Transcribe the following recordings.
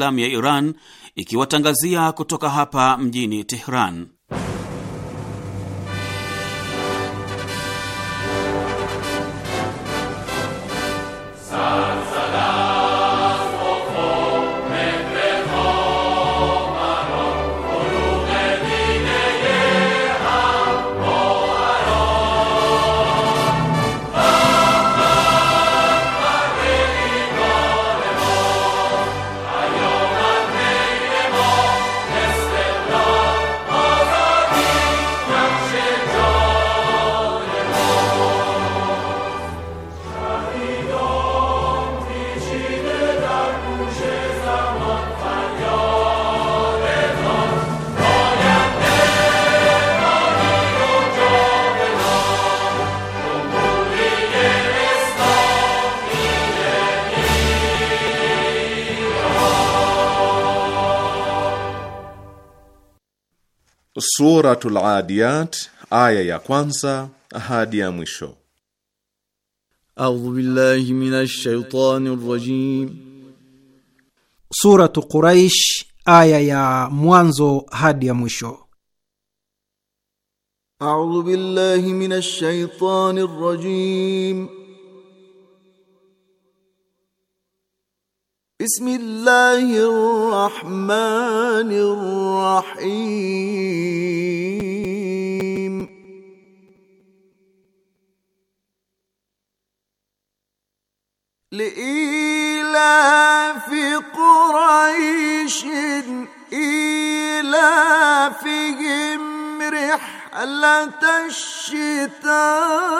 Islamu ya Iran ikiwatangazia kutoka hapa mjini Tehran. Suratul Adiyat aya ya kwanza hadi ya mwisho. A'udhu billahi minash shaitanir rajim. Suratu Quraish aya ya mwanzo hadi ya mwisho. A'udhu billahi minash shaitanir rajim. بسم الله الرحمن الرحيم لإيلاف قريش إيلافهم رحلة الشتاء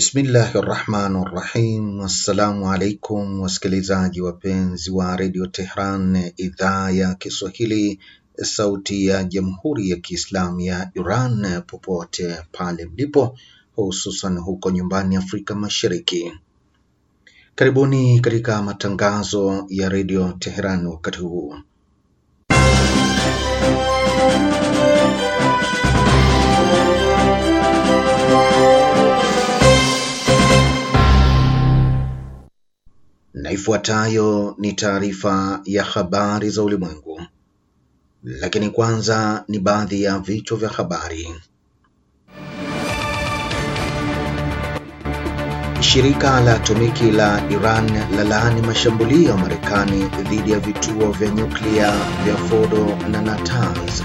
Bismillahi rahmani rahim. Assalamu alaikum wasikilizaji wapenzi wa redio Tehran, idhaa ya Kiswahili, sauti ya jamhuri ya Kiislamu ya Iran, popote pale mlipo, hususan huko nyumbani Afrika Mashariki. Karibuni katika matangazo ya redio Tehran wakati huu na ifuatayo ni taarifa ya habari za ulimwengu, lakini kwanza ni baadhi ya vichwa vya habari. Shirika la atomiki la Iran laani mashambulio ya Marekani dhidi ya vituo vya nyuklia vya Fordo na Natanz.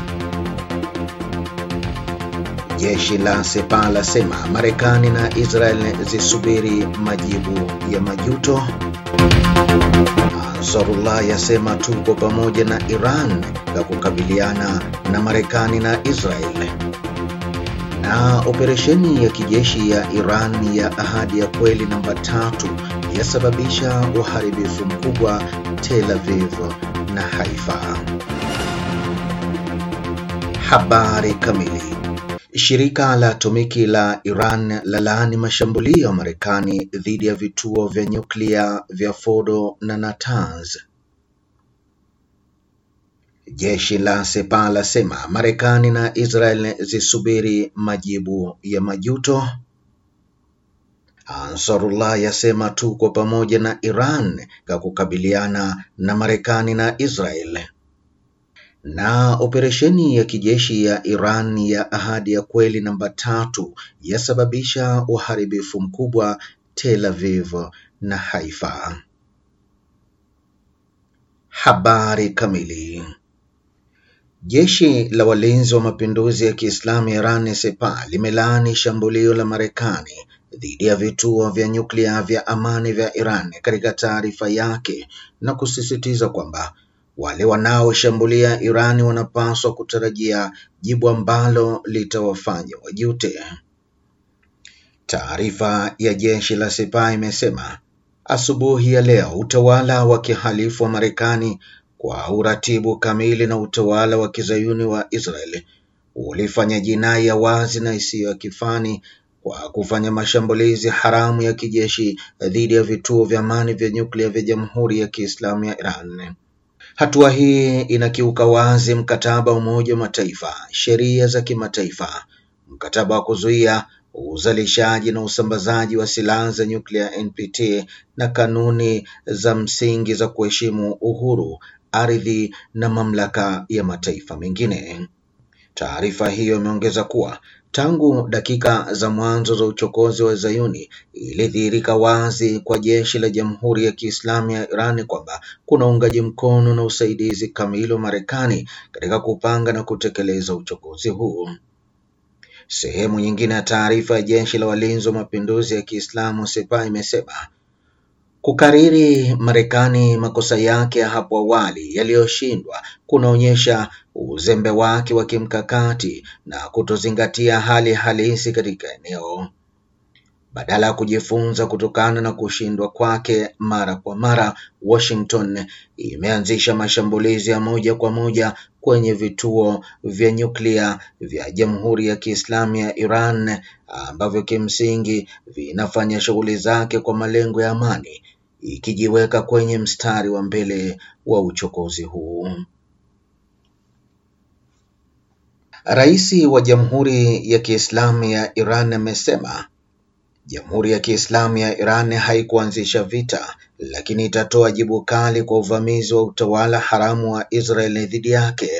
Jeshi la Sepa lasema Marekani na Israel zisubiri majibu ya majuto. Ansarullah yasema tuko pamoja na Iran ya kukabiliana na Marekani na Israel. Na operesheni ya kijeshi ya Iran ya Ahadi ya Kweli namba tatu yasababisha uharibifu mkubwa Tel Aviv na Haifa. Habari kamili Shirika la Atomiki la Iran laani mashambulio ya Marekani dhidi ya vituo vya nyuklia vya Fordo na Natanz. Jeshi la sepa lasema Marekani na Israel zisubiri majibu ya majuto. Ansarullah yasema tuko pamoja na Iran kwa kukabiliana na Marekani na Israel. Na operesheni ya kijeshi ya Iran ya Ahadi ya Kweli namba tatu yasababisha uharibifu mkubwa Tel Aviv na Haifa. Habari kamili. Jeshi la Walinzi wa Mapinduzi ya Kiislamu Iran Sepah limelaani shambulio la Marekani dhidi ya vituo vya nyuklia vya amani vya Iran katika taarifa yake na kusisitiza kwamba wale wanaoshambulia Irani wanapaswa kutarajia jibu ambalo litawafanya wajute. Taarifa ya jeshi la Sepa imesema asubuhi ya leo utawala wa kihalifu wa Marekani kwa uratibu kamili na utawala wa kizayuni wa Israel ulifanya jinai ya wazi na isiyo ya kifani kwa kufanya mashambulizi haramu ya kijeshi dhidi ya vituo vya amani vya nyuklia vya Jamhuri ya Kiislamu ya Iran. Hatua hii inakiuka wazi mkataba wa Umoja wa Mataifa, sheria za kimataifa, mkataba wa kuzuia uzalishaji na usambazaji wa silaha za nyuklia NPT, na kanuni za msingi za kuheshimu uhuru, ardhi na mamlaka ya mataifa mengine. Taarifa hiyo imeongeza kuwa Tangu dakika za mwanzo za uchokozi wa Zayuni ilidhihirika wazi kwa jeshi la Jamhuri ya Kiislamu ya Iran kwamba kuna uungaji mkono na usaidizi kamili wa Marekani katika kupanga na kutekeleza uchokozi huu. Sehemu nyingine ya taarifa ya Jeshi la Walinzi wa Mapinduzi ya Kiislamu Sepah imesema Kukariri Marekani makosa yake ya hapo awali yaliyoshindwa kunaonyesha uzembe wake wa kimkakati na kutozingatia hali halisi katika eneo. Badala ya kujifunza kutokana na kushindwa kwake mara kwa mara, Washington imeanzisha mashambulizi ya moja kwa moja kwenye vituo vya nyuklia vya Jamhuri ya Kiislamu ya Iran ambavyo kimsingi vinafanya shughuli zake kwa malengo ya amani ikijiweka kwenye mstari wa mbele wa uchokozi huu. Rais wa Jamhuri ya Kiislamu ya Iran amesema Jamhuri ya Kiislamu ya Iran haikuanzisha vita, lakini itatoa jibu kali kwa uvamizi wa utawala haramu wa Israel dhidi yake.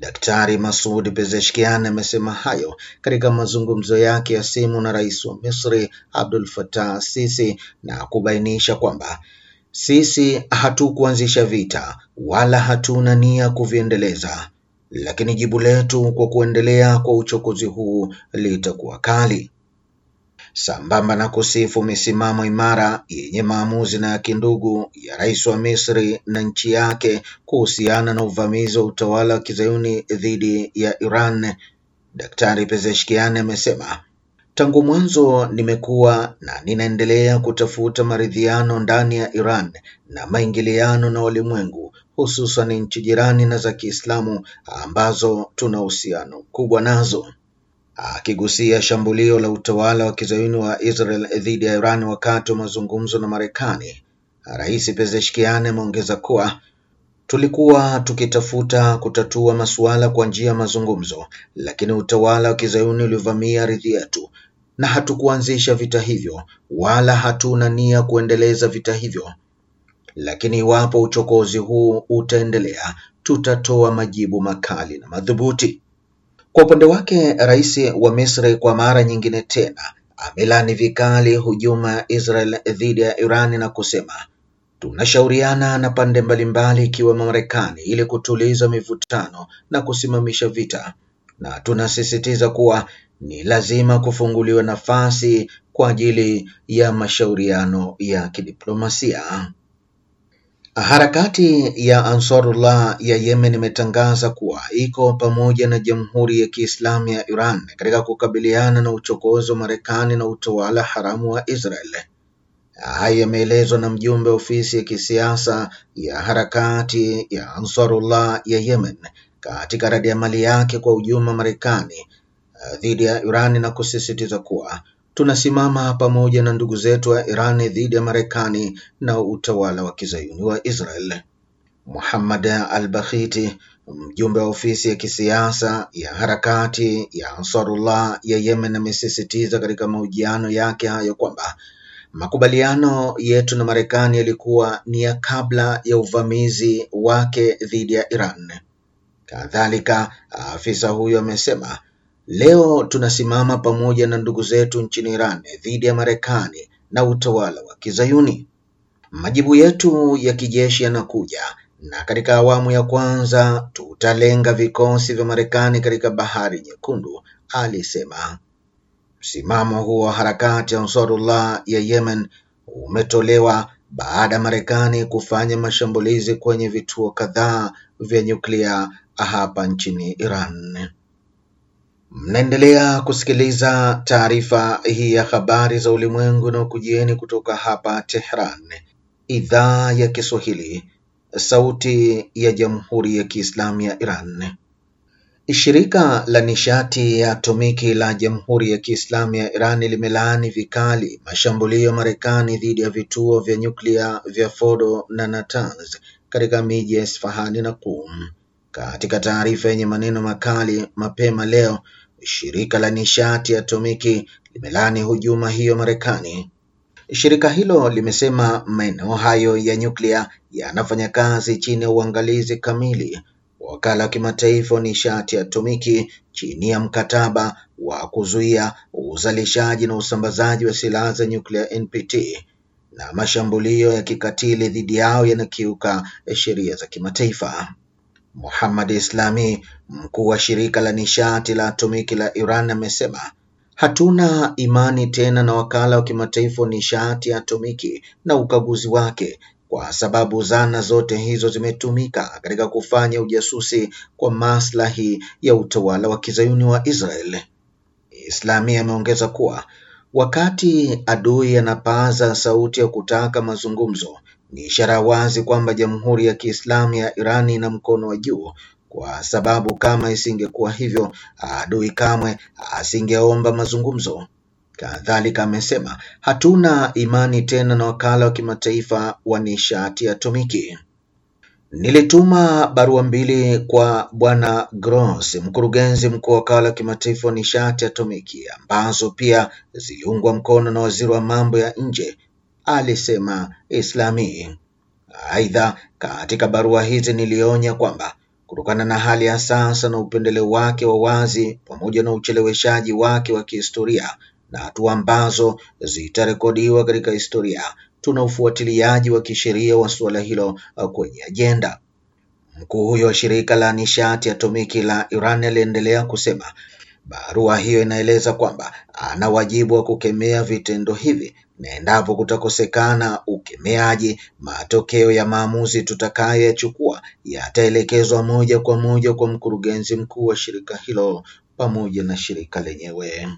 Daktari Masoud Pezeshkian amesema hayo katika mazungumzo yake ya simu na rais wa Misri Abdul Fattah Sisi na kubainisha kwamba sisi hatukuanzisha vita wala hatuna nia kuviendeleza, lakini jibu letu kwa kuendelea kwa uchokozi huu litakuwa kali sambamba na kusifu misimamo imara yenye maamuzi na ya kindugu ya rais wa Misri na nchi yake kuhusiana na uvamizi wa utawala wa kizayuni dhidi ya Iran. Daktari Pezeshkian amesema tangu mwanzo nimekuwa na ninaendelea kutafuta maridhiano ndani ya Iran na maingiliano na walimwengu hususan nchi jirani na za Kiislamu ambazo tuna uhusiano mkubwa nazo akigusia shambulio la utawala wa kizayuni wa Israel dhidi ya Iran wakati wa mazungumzo na Marekani. Rais Pezeshkian ameongeza kuwa tulikuwa tukitafuta kutatua masuala kwa njia ya mazungumzo, lakini utawala wa kizayuni ulivamia ardhi yetu na hatukuanzisha vita hivyo wala hatuna nia kuendeleza vita hivyo, lakini iwapo uchokozi huu utaendelea, tutatoa majibu makali na madhubuti. Kwa upande wake, rais wa Misri kwa mara nyingine tena amelani vikali hujuma ya Israel dhidi ya Iran na kusema tunashauriana na pande mbalimbali ikiwemo Marekani ili kutuliza mivutano na kusimamisha vita, na tunasisitiza kuwa ni lazima kufunguliwa nafasi kwa ajili ya mashauriano ya kidiplomasia. Harakati ya Ansarullah ya Yemen imetangaza kuwa iko pamoja na Jamhuri ya Kiislamu ya Iran katika kukabiliana na uchokozi wa Marekani na utawala haramu wa Israel. Haya yameelezwa na mjumbe ofisi ya kisiasa ya harakati ya Ansarullah ya Yemen katika mali yake kwa ujuma Marekani eh, dhidi ya Iran na kusisitiza kuwa tunasimama pamoja na ndugu zetu wa Iran dhidi ya Marekani na utawala wa kizayuni wa Israel. Muhammad al-Bakhiti, mjumbe wa ofisi ya kisiasa ya harakati ya Ansarullah ya Yemen, amesisitiza katika mahojiano yake hayo kwamba makubaliano yetu na Marekani yalikuwa ni ya kabla ya uvamizi wake dhidi ya Iran. Kadhalika, afisa huyo amesema Leo tunasimama pamoja na ndugu zetu nchini Iran dhidi ya Marekani na utawala wa Kizayuni. Majibu yetu ya kijeshi yanakuja, na katika awamu ya kwanza tutalenga vikosi vya Marekani katika Bahari Nyekundu, alisema. Msimamo huo wa harakati ya Ansarullah ya Yemen umetolewa baada ya Marekani kufanya mashambulizi kwenye vituo kadhaa vya nyuklia hapa nchini Iran. Mnaendelea kusikiliza taarifa hii ya habari za ulimwengu na ukujieni kutoka hapa Tehran, idhaa ya Kiswahili, sauti ya Jamhuri ya Kiislamu ya Iran. Shirika la nishati ya atomiki la Jamhuri ya Kiislamu ya Iran limelaani vikali mashambulio ya Marekani dhidi ya vituo vya nyuklia vya Fordo na Natanz katika miji ya Isfahani na Qom. Katika taarifa yenye maneno makali mapema leo, shirika la nishati ya atomiki limelani hujuma hiyo Marekani. Shirika hilo limesema maeneo hayo ya nyuklia yanafanya kazi chini ya uangalizi kamili wa wakala wa kimataifa wa nishati ya atomiki chini ya mkataba wa kuzuia uzalishaji na usambazaji wa silaha za nyuklia NPT, na mashambulio ya kikatili dhidi yao yanakiuka sheria za kimataifa. Muhammad Islami, mkuu wa shirika la nishati la atomiki la Iran, amesema hatuna imani tena na wakala wa kimataifa wa nishati ya atomiki na ukaguzi wake kwa sababu zana zote hizo zimetumika katika kufanya ujasusi kwa maslahi ya utawala wa kizayuni wa Israel. Islami ameongeza kuwa wakati adui anapaza sauti ya kutaka mazungumzo, ni ishara wazi kwamba Jamhuri ya Kiislamu ya Iran ina mkono wa juu kwa sababu kama isingekuwa hivyo, adui kamwe asingeomba mazungumzo. Kadhalika amesema hatuna imani tena na wakala wa kimataifa wa nishati atomiki. Nilituma barua mbili kwa Bwana Gross, mkurugenzi mkuu wa wakala wa kimataifa wa nishati atomiki, ambazo pia ziliungwa mkono na waziri wa mambo ya nje alisema Islami. Aidha, katika barua hizi nilionya kwamba kutokana na hali ya sasa na upendeleo wake wa wazi pamoja na ucheleweshaji wake wa kihistoria na hatua ambazo zitarekodiwa katika historia, tuna ufuatiliaji wa kisheria wa suala hilo kwenye ajenda. Mkuu huyo wa shirika la nishati atomiki la Iran aliendelea kusema, barua hiyo inaeleza kwamba ana wajibu wa kukemea vitendo hivi na endapo kutakosekana ukemeaji, matokeo ya maamuzi tutakayoyachukua yataelekezwa moja kwa moja kwa mkurugenzi mkuu wa shirika hilo pamoja na shirika lenyewe.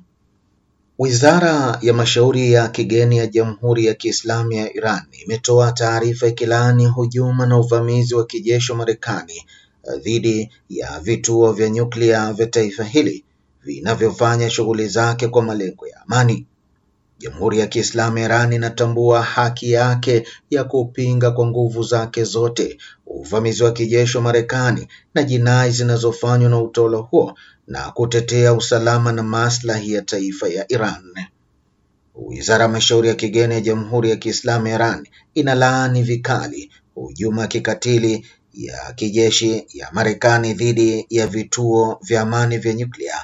Wizara ya Mashauri ya Kigeni ya Jamhuri ya Kiislamu ya Iran imetoa taarifa ikilaani hujuma na uvamizi wa kijeshi wa Marekani dhidi ya vituo vya nyuklia vya taifa hili vinavyofanya shughuli zake kwa malengo ya amani. Jamhuri ya Kiislamu ya Iran inatambua haki yake ya kupinga kwa nguvu zake zote uvamizi wa kijeshi wa Marekani na jinai zinazofanywa na utawala huo na kutetea usalama na maslahi ya taifa ya Iran. Wizara ya Mashauri ya Kigeni ya Jamhuri ya Kiislamu ya Iran inalaani vikali hujuma kikatili ya kijeshi ya Marekani dhidi ya vituo vya amani vya nyuklia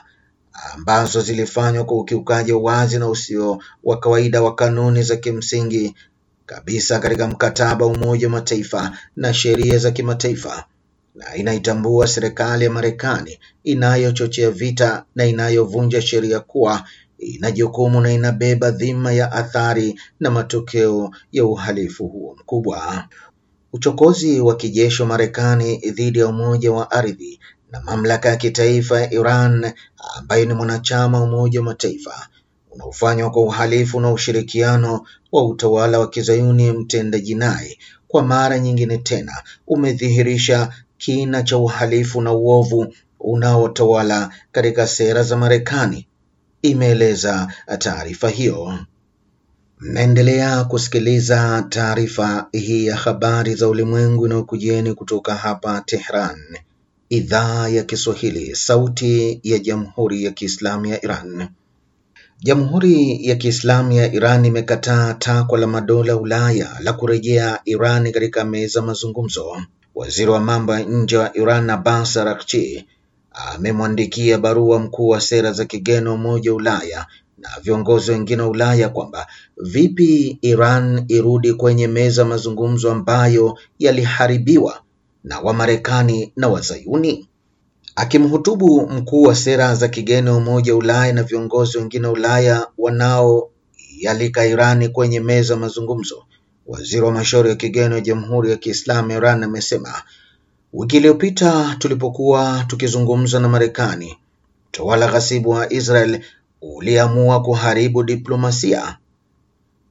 ambazo zilifanywa kwa ukiukaji wa wazi na usio wa kawaida wa kanuni za kimsingi kabisa katika mkataba wa Umoja wa Mataifa na sheria za kimataifa na inaitambua serikali ya Marekani inayochochea vita na inayovunja sheria kuwa ina jukumu na inabeba dhima ya athari na matokeo ya uhalifu huo mkubwa. Uchokozi wa kijeshi wa Marekani dhidi ya umoja wa ardhi na mamlaka ya kitaifa ya Iran ambayo ni mwanachama Umoja wa Mataifa unaofanywa kwa uhalifu na ushirikiano wa utawala wa kizayuni mtenda jinai, kwa mara nyingine tena umedhihirisha kina cha uhalifu na uovu unaotawala katika sera za Marekani, imeeleza taarifa hiyo. Mnaendelea kusikiliza taarifa hii ya habari za ulimwengu inayokujieni kutoka hapa Tehran, Idhaa ya Kiswahili, Sauti ya Jamhuri ya Kiislamu ya Iran. Jamhuri ya Kiislamu ya Iran imekataa takwa la madola Ulaya la kurejea Iran katika meza mazungumzo. Waziri wa mambo ya nje wa Iran Abbas Araghchi amemwandikia barua mkuu wa sera za kigeni wa Umoja wa Ulaya na viongozi wengine wa Ulaya kwamba vipi Iran irudi kwenye meza mazungumzo ambayo yaliharibiwa na Wamarekani na Wazayuni? Akimhutubu mkuu wa sera za kigeni wa Umoja wa Ulaya na viongozi wengine wa Ulaya yalika Irani kwenye meza ya mazungumzo, waziri wa mashauri ya kigeni wa Jamhuri ya Kiislamu Iran amesema wiki iliyopita tulipokuwa tukizungumza na Marekani, utawala ghasibu wa Israel uliamua kuharibu diplomasia.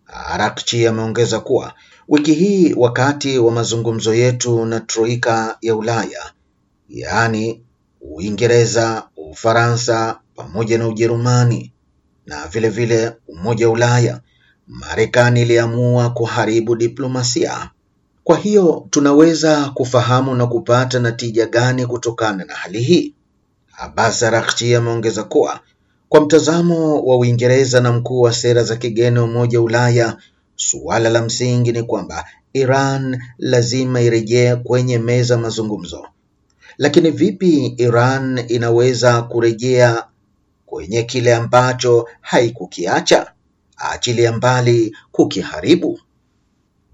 Arakchi ameongeza kuwa Wiki hii wakati wa mazungumzo yetu na troika ya Ulaya, yaani Uingereza, Ufaransa pamoja na Ujerumani na vile vile Umoja wa Ulaya, Marekani iliamua kuharibu diplomasia. Kwa hiyo tunaweza kufahamu na kupata natija gani kutokana na hali hii? Abbas Araghchi ameongeza kuwa kwa mtazamo wa Uingereza na mkuu wa sera za kigeni wa Umoja wa Ulaya Suala la msingi ni kwamba Iran lazima irejee kwenye meza mazungumzo. Lakini vipi Iran inaweza kurejea kwenye kile ambacho haikukiacha, achilia mbali kukiharibu?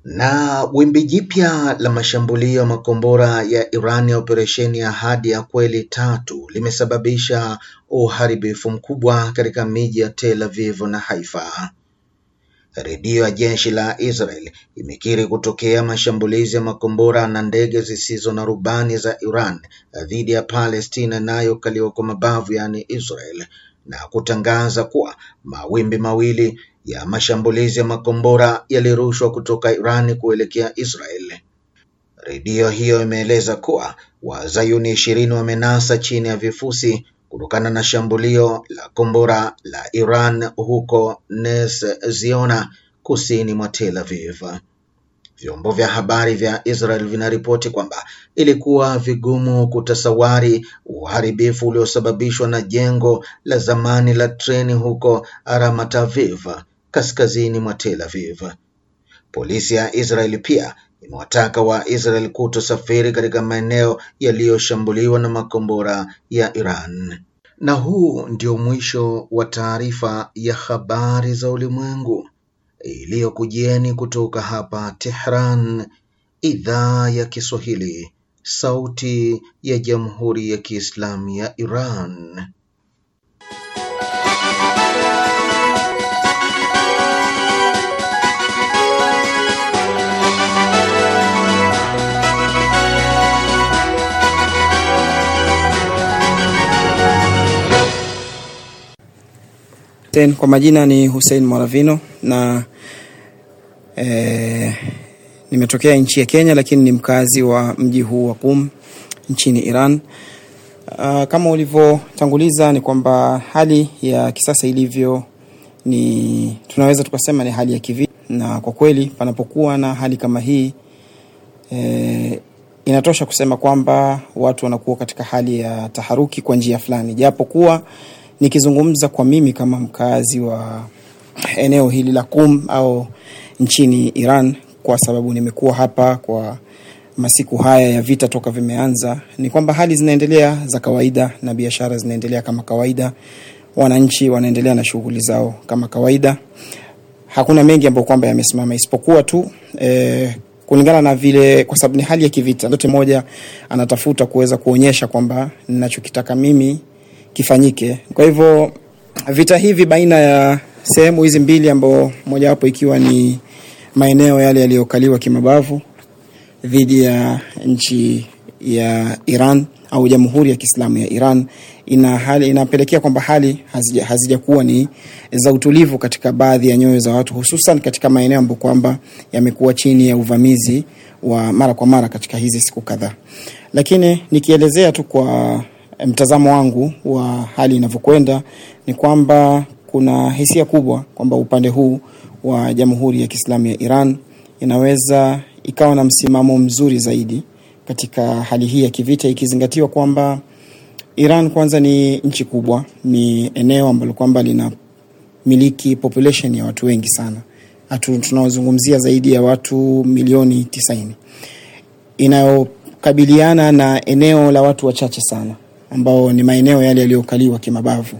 Na wimbi jipya la mashambulio ya makombora ya Iran ya operesheni ya Ahadi ya Kweli tatu limesababisha uharibifu mkubwa katika miji ya Tel Aviv na Haifa. Redio ya jeshi la Israel imekiri kutokea mashambulizi ya makombora na ndege zisizo na rubani za Iran dhidi ya Palestina inayokaliwa kwa mabavu yaani Israel na kutangaza kuwa mawimbi mawili ya mashambulizi ya makombora yalirushwa kutoka Iran kuelekea Israel. Redio hiyo imeeleza kuwa wazayuni ishirini wamenasa chini ya vifusi kutokana na shambulio la kombora la Iran huko Nes Ziona kusini mwa Tel Aviv. Vyombo vya habari vya Israel vinaripoti kwamba ilikuwa vigumu kutasawari uharibifu uliosababishwa na jengo la zamani la treni huko Ramat Aviv kaskazini mwa Tel Aviv. Polisi ya Israel pia imewataka wa israel kutosafiri katika maeneo yaliyoshambuliwa na makombora ya Iran. Na huu ndio mwisho wa taarifa ya habari za ulimwengu iliyokujieni kutoka hapa Tehran, idhaa ya Kiswahili, sauti ya Jamhuri ya Kiislamu ya Iran. Ten, kwa majina ni Hussein mwaravino na e, nimetokea nchi ya Kenya lakini ni mkazi wa mji huu wa Qum nchini Iran. Uh, kama ulivyotanguliza ni kwamba hali ya kisasa ilivyo ni tunaweza tukasema ni hali ya kivi, na kwa kweli panapokuwa na hali kama hii e, inatosha kusema kwamba watu wanakuwa katika hali ya taharuki kwa njia fulani, japo kuwa Nikizungumza kwa mimi kama mkazi wa eneo hili la kum au nchini Iran, kwa sababu nimekuwa hapa kwa masiku haya ya vita toka vimeanza, ni kwamba hali zinaendelea za kawaida na biashara zinaendelea kama kawaida, wananchi wanaendelea na shughuli zao kama kawaida. Hakuna mengi ambayo kwamba yamesimama isipokuwa tu eh, kulingana na vile, kwa sababu ni hali ya kivita, ndote moja anatafuta kuweza kuonyesha kwamba ninachokitaka mimi kifanyike. Kwa hivyo vita hivi baina ya sehemu hizi mbili ambao mojawapo ikiwa ni maeneo yale yaliyokaliwa kimabavu dhidi ya nchi ya Iran au Jamhuri ya Kiislamu ya Iran ina hali, inapelekea kwamba hali hazijakuwa ni za utulivu katika baadhi ya nyoyo za watu, hususan katika maeneo ambayo kwamba yamekuwa chini ya uvamizi wa mara kwa mara katika hizi siku kadhaa. Lakini nikielezea tu kwa mtazamo wangu wa hali inavyokwenda ni kwamba kuna hisia kubwa kwamba upande huu wa Jamhuri ya Kiislamu ya Iran inaweza ikawa na msimamo mzuri zaidi katika hali hii ya kivita, ikizingatiwa kwamba Iran kwanza ni nchi kubwa, ni eneo ambalo kwamba lina miliki population ya watu wengi sana Atu, tunaozungumzia zaidi ya watu milioni 90 inayokabiliana na eneo la watu wachache sana ambao ni maeneo yale yaliyokaliwa kimabavu.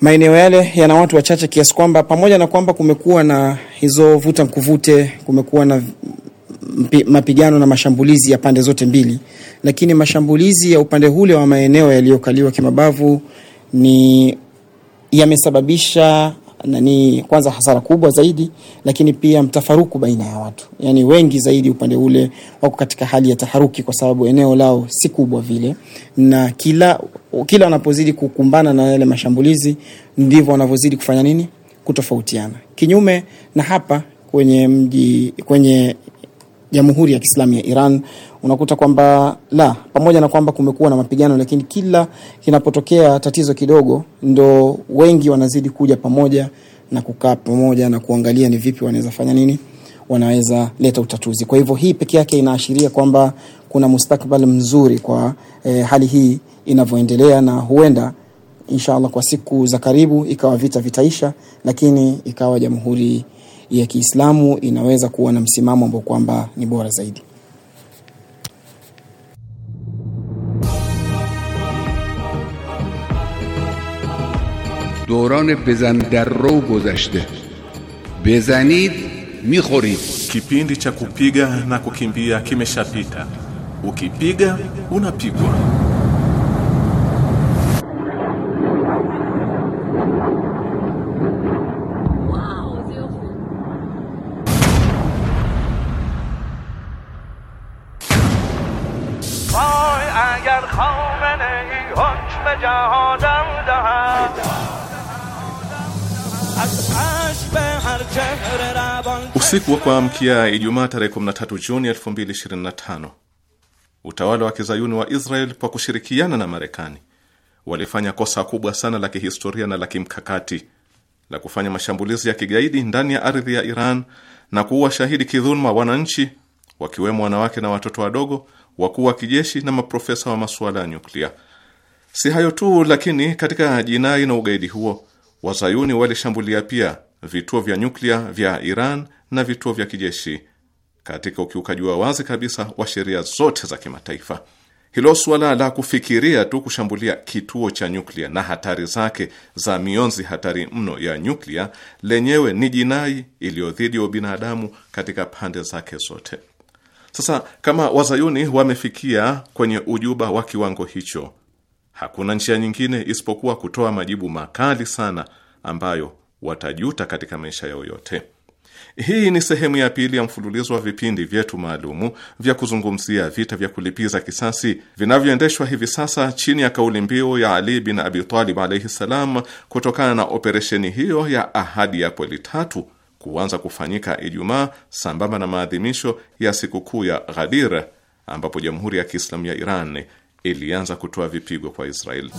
Maeneo yale yana watu wachache kiasi kwamba pamoja na kwamba kumekuwa na hizo vuta mkuvute, kumekuwa na mapigano na mashambulizi ya pande zote mbili, lakini mashambulizi ya upande ule wa maeneo yaliyokaliwa kimabavu ni yamesababisha nani kwanza hasara kubwa zaidi, lakini pia mtafaruku baina ya watu, yani wengi zaidi upande ule wako katika hali ya taharuki, kwa sababu eneo lao si kubwa vile, na kila kila wanapozidi kukumbana na yale mashambulizi ndivyo wanavyozidi kufanya nini, kutofautiana. Kinyume na hapa kwenye mji kwenye Jamhuri ya Kiislamu ya Iran unakuta kwamba la pamoja na kwamba kumekuwa na mapigano, lakini kila kinapotokea tatizo kidogo, ndo wengi wanazidi kuja pamoja na kukaa pamoja na kuangalia ni vipi wanaweza fanya nini, wanaweza leta utatuzi. Kwa hivyo hii peke yake inaashiria kwamba kuna mustakbal mzuri kwa eh, hali hii inavyoendelea, na huenda inshallah kwa siku za karibu ikawa vita vitaisha, lakini ikawa jamhuri ya Kiislamu inaweza kuwa na msimamo ambao kwamba ni bora zaidi. دوران بزن در رو گذشته بزنید میخورید کیپیندی چا کوپیگا نا کوکیمبیا کیمشاپیتا او کیپیگا اونا پیگوا Usiku wa kuamkia Ijumaa tarehe 13 Juni 2025 utawala wa kizayuni wa Israel kwa kushirikiana na Marekani walifanya kosa kubwa sana la kihistoria na la kimkakati la kufanya mashambulizi ya kigaidi ndani ya ardhi ya Iran na kuua shahidi kidhuluma wananchi wakiwemo wanawake na watoto wadogo, wakuu wa kijeshi na maprofesa wa masuala ya nyuklia. Si hayo tu, lakini katika jinai na ugaidi huo wazayuni walishambulia pia vituo vya nyuklia vya Iran na vituo vya kijeshi katika ukiukaji wa wazi kabisa wa sheria zote za kimataifa. Hilo suala la kufikiria tu kushambulia kituo cha nyuklia na hatari zake za mionzi hatari mno ya nyuklia lenyewe ni jinai iliyo dhidi ya ubinadamu katika pande zake zote. Sasa kama wazayuni wamefikia kwenye ujuba wa kiwango hicho, hakuna njia nyingine isipokuwa kutoa majibu makali sana ambayo watajuta katika maisha yao yote. Hii ni sehemu ya pili ya mfululizo wa vipindi vyetu maalumu vya kuzungumzia vita vya kulipiza kisasi vinavyoendeshwa hivi sasa chini ya kauli mbiu ya Ali bin Abi Talib alaihi ssalam, kutokana na operesheni hiyo ya Ahadi ya pweli tatu kuanza kufanyika Ijumaa sambamba na maadhimisho ya sikukuu ya Ghadir ambapo Jamhuri ya Kiislamu ya Iran ilianza kutoa vipigo kwa Israeli.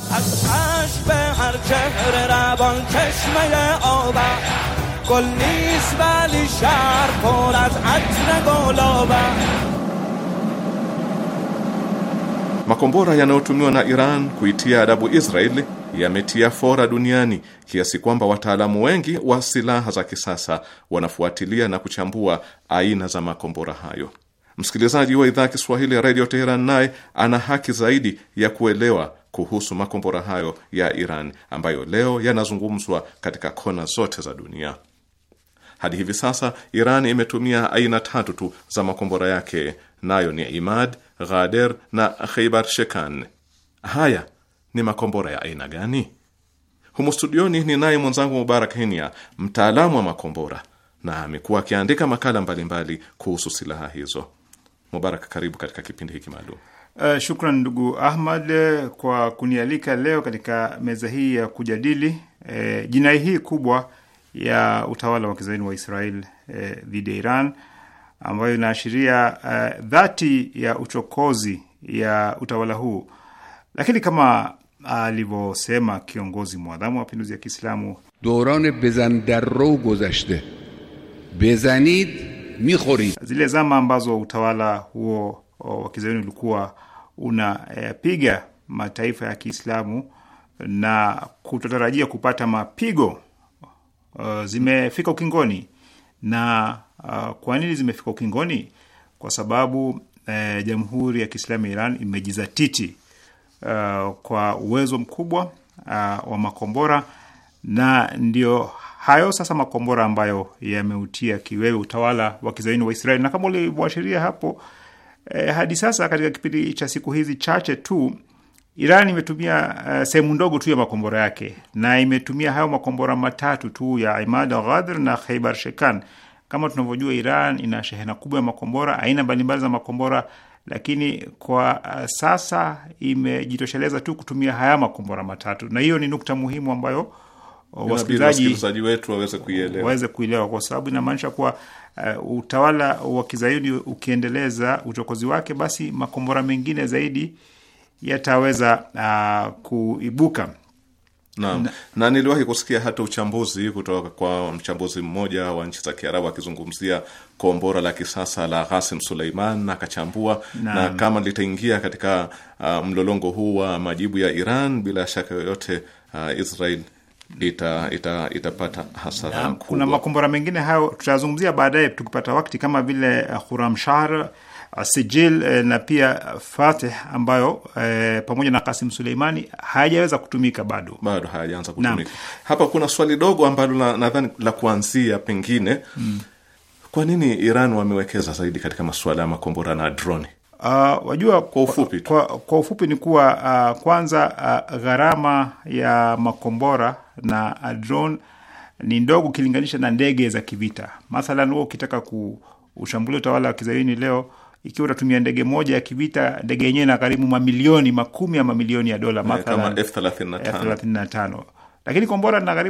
Makombora yanayotumiwa na Iran kuitia adabu Israeli yametia fora duniani kiasi kwamba wataalamu wengi wa silaha za kisasa wanafuatilia na kuchambua aina za makombora hayo. Msikilizaji wa idhaa Kiswahili ya redio Teheran naye ana haki zaidi ya kuelewa kuhusu makombora hayo ya Iran ambayo leo yanazungumzwa katika kona zote za dunia. Hadi hivi sasa Iran imetumia aina tatu tu za makombora yake, nayo ni Imad, Ghader na Kheibar Shekan. Haya ni makombora ya aina gani? Humu studioni ni naye mwenzangu Mubarak Hinia, mtaalamu wa makombora, na amekuwa akiandika makala mbalimbali mbali kuhusu silaha hizo. Mubarak, karibu katika kipindi hiki maalum. Uh, shukran ndugu Ahmad eh, kwa kunialika leo katika meza hii ya kujadili uh, jinai hii kubwa ya utawala wa kizaini wa Israel dhidi uh, ya Iran ambayo inaashiria uh, dhati ya uchokozi ya utawala huu, lakini kama alivyosema kiongozi mwadhamu wa mapinduzi ya Kiislamu, dorane bezan darro gozashte bezanid mihori. Zile zama ambazo utawala huo wa kizayuni ulikuwa unayapiga e, mataifa ya Kiislamu na kutotarajia kupata mapigo e, zimefika ukingoni. Na e, kwa nini zimefika ukingoni? Kwa sababu e, Jamhuri ya Kiislamu ya Iran imejizatiti uh, kwa uwezo mkubwa uh, wa makombora na ndio hayo sasa makombora ambayo yameutia kiwewe utawala wa kizaini wa Israeli. Na kama ulivyoashiria hapo eh, hadi sasa katika kipindi cha siku hizi chache tu Iran imetumia uh, sehemu ndogo tu ya makombora yake na imetumia hayo makombora matatu tu ya Imad al Ghadir na Khaybar Shekan. Kama tunavyojua, Iran ina shehena kubwa ya makombora, aina mbalimbali za makombora, lakini kwa uh, sasa imejitosheleza tu kutumia haya makombora matatu, na hiyo ni nukta muhimu ambayo uh, wasikilizaji wetu waweze kuielewa, waweze kuielewa, kwa sababu inamaanisha kuwa uh, utawala wa kizayuni ukiendeleza uchokozi wake, basi makombora mengine zaidi yataweza uh, kuibuka. Na, na, na niliwahi kusikia hata uchambuzi kutoka kwa mchambuzi mmoja wa nchi za Kiarabu akizungumzia kombora la kisasa la ghasim Suleiman akachambua na, na kama litaingia katika uh, mlolongo huu wa majibu ya Iran bila shaka yoyote uh, Israel ita, ita, itapata hasara ya, kubwa. Kuna makombora mengine hayo tutayazungumzia baadaye tukipata wakati kama vile eh, Khuramshar, eh, Sijil eh, na pia Fatih ambayo eh, pamoja na Kasim Suleimani hayajaweza kutumika bado, bado hayajaanza kutumika na. Hapa kuna swali dogo ambalo nadhani la kuanzia pengine mm. Kwa nini Iran wamewekeza zaidi katika masuala ya makombora na droni? Uh, ah, wajua kwa ufupi, kwa, kwa ufupi ni kuwa uh, kwanza uh, gharama ya makombora na uh, drone ni ndogo ukilinganisha na ndege za kivita. Mathalan, wewe ukitaka kuushambulia utawala wa kizayuni leo, ikiwa utatumia ndege moja ya kivita, ndege yenyewe na karibu mamilioni makumi ya mamilioni ya dola, eh, mathalan F35 lakini kombora na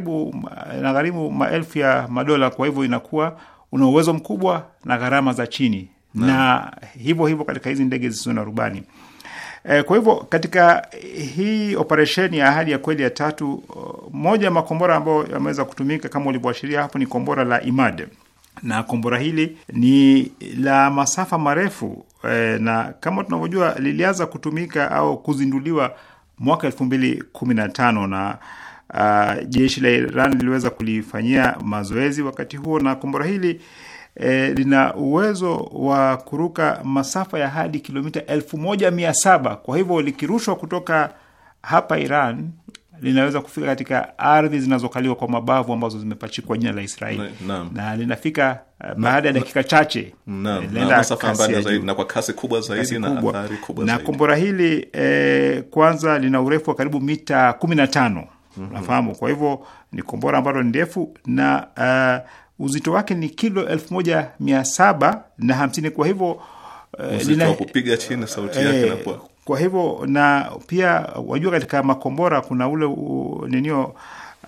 linagharimu maelfu ya madola. Kwa hivyo inakuwa una uwezo mkubwa na gharama za chini na, na hivyo hivyo katika hizi ndege zisizo na rubani. E, kwa hivyo katika hii operesheni ya ahadi ya kweli ya tatu, oh, moja ya makombora ambayo yameweza kutumika kama ulivyoashiria hapo ni kombora la Imad, na kombora hili ni la masafa marefu e, na kama tunavyojua lilianza kutumika au kuzinduliwa mwaka elfu mbili kumi na tano na Uh, jeshi la Iran liliweza kulifanyia mazoezi wakati huo, na kombora hili e, lina uwezo wa kuruka masafa ya hadi kilomita elfu moja mia saba. Kwa hivyo likirushwa kutoka hapa Iran linaweza kufika katika ardhi zinazokaliwa kwa mabavu ambazo zimepachikwa jina la Israeli na, na, na linafika eh, baada ya dakika chache na kwa kasi kubwa zaidi na athari kubwa zaidi. kombora hili e, kwanza lina urefu wa karibu mita kumi na tano. Mhm. Nafahamu, kwa hivyo ni kombora ambalo ni ndefu na uh, uzito wake ni kilo 1750 kwa hivyo eh, lina kupiga chini sauti yake e, kwa hivyo na pia wajua, katika makombora kuna ule ninio uh,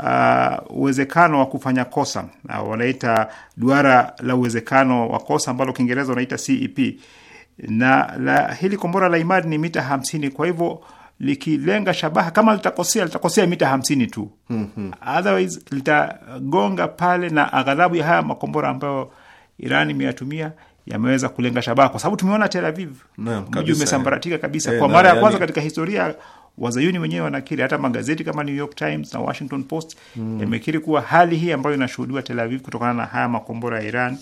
ah, uwezekano wa kufanya kosa uh, wanaita duara la uwezekano wa kosa ambalo Kiingereza wanaita CEP na la, hili kombora la Imad ni mita hamsini. Kwa hivyo likilenga shabaha, kama litakosea, litakosea mita hamsini tu mm -hmm. Otherwise litagonga pale, na aghadhabu ya haya makombora ambayo Iran imeyatumia yameweza kulenga shabaha, kwa sababu tumeona Tel Aviv mji umesambaratika eh. kabisa hey, eh, kwa mara ya kwanza yani... katika historia Wazayuni wenyewe wanakiri, hata magazeti kama New York Times na Washington Post mm. yamekiri kuwa hali hii ambayo inashuhudiwa Tel Aviv kutokana na haya makombora ya Iran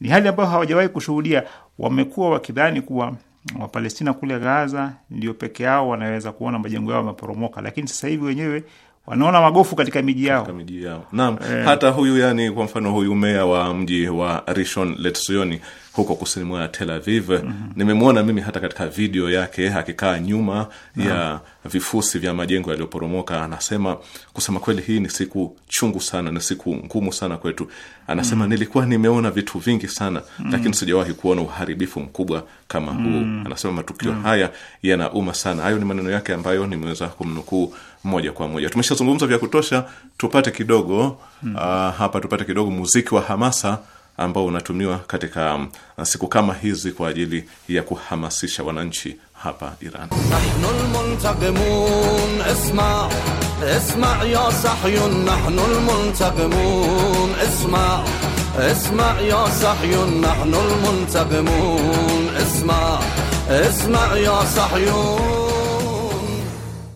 ni hali ambayo hawajawahi kushuhudia. Wamekuwa wakidhani kuwa Wapalestina kule Gaza ndio peke yao wanaweza kuona majengo yao yameporomoka, lakini sasa hivi wenyewe wanaona magofu katika miji yao, katika miji yao. Naam, eh, hata huyu yani, kwa mfano huyu meya wa mji wa Rishon Letzioni huko kusini mwa Tel Aviv. mm-hmm. Nimemwona mimi hata katika video yake akikaa nyuma mm-hmm. ya vifusi vya majengo yaliyoporomoka. Anasema kusema kweli, hii ni siku chungu sana, ni siku ngumu sana kwetu. Anasema mm-hmm. nilikuwa nimeona vitu vingi sana mm-hmm. lakini sijawahi kuona uharibifu mkubwa kama huu mm-hmm. Anasema matukio mm-hmm. haya yanauma sana. Hayo ni maneno yake ambayo nimeweza kumnukuu moja kwa moja. Tumeshazungumza vya kutosha, tupate kidogo mm-hmm. uh, hapa tupate kidogo muziki wa hamasa ambao unatumiwa katika um, siku kama hizi kwa ajili ya kuhamasisha wananchi hapa Iran.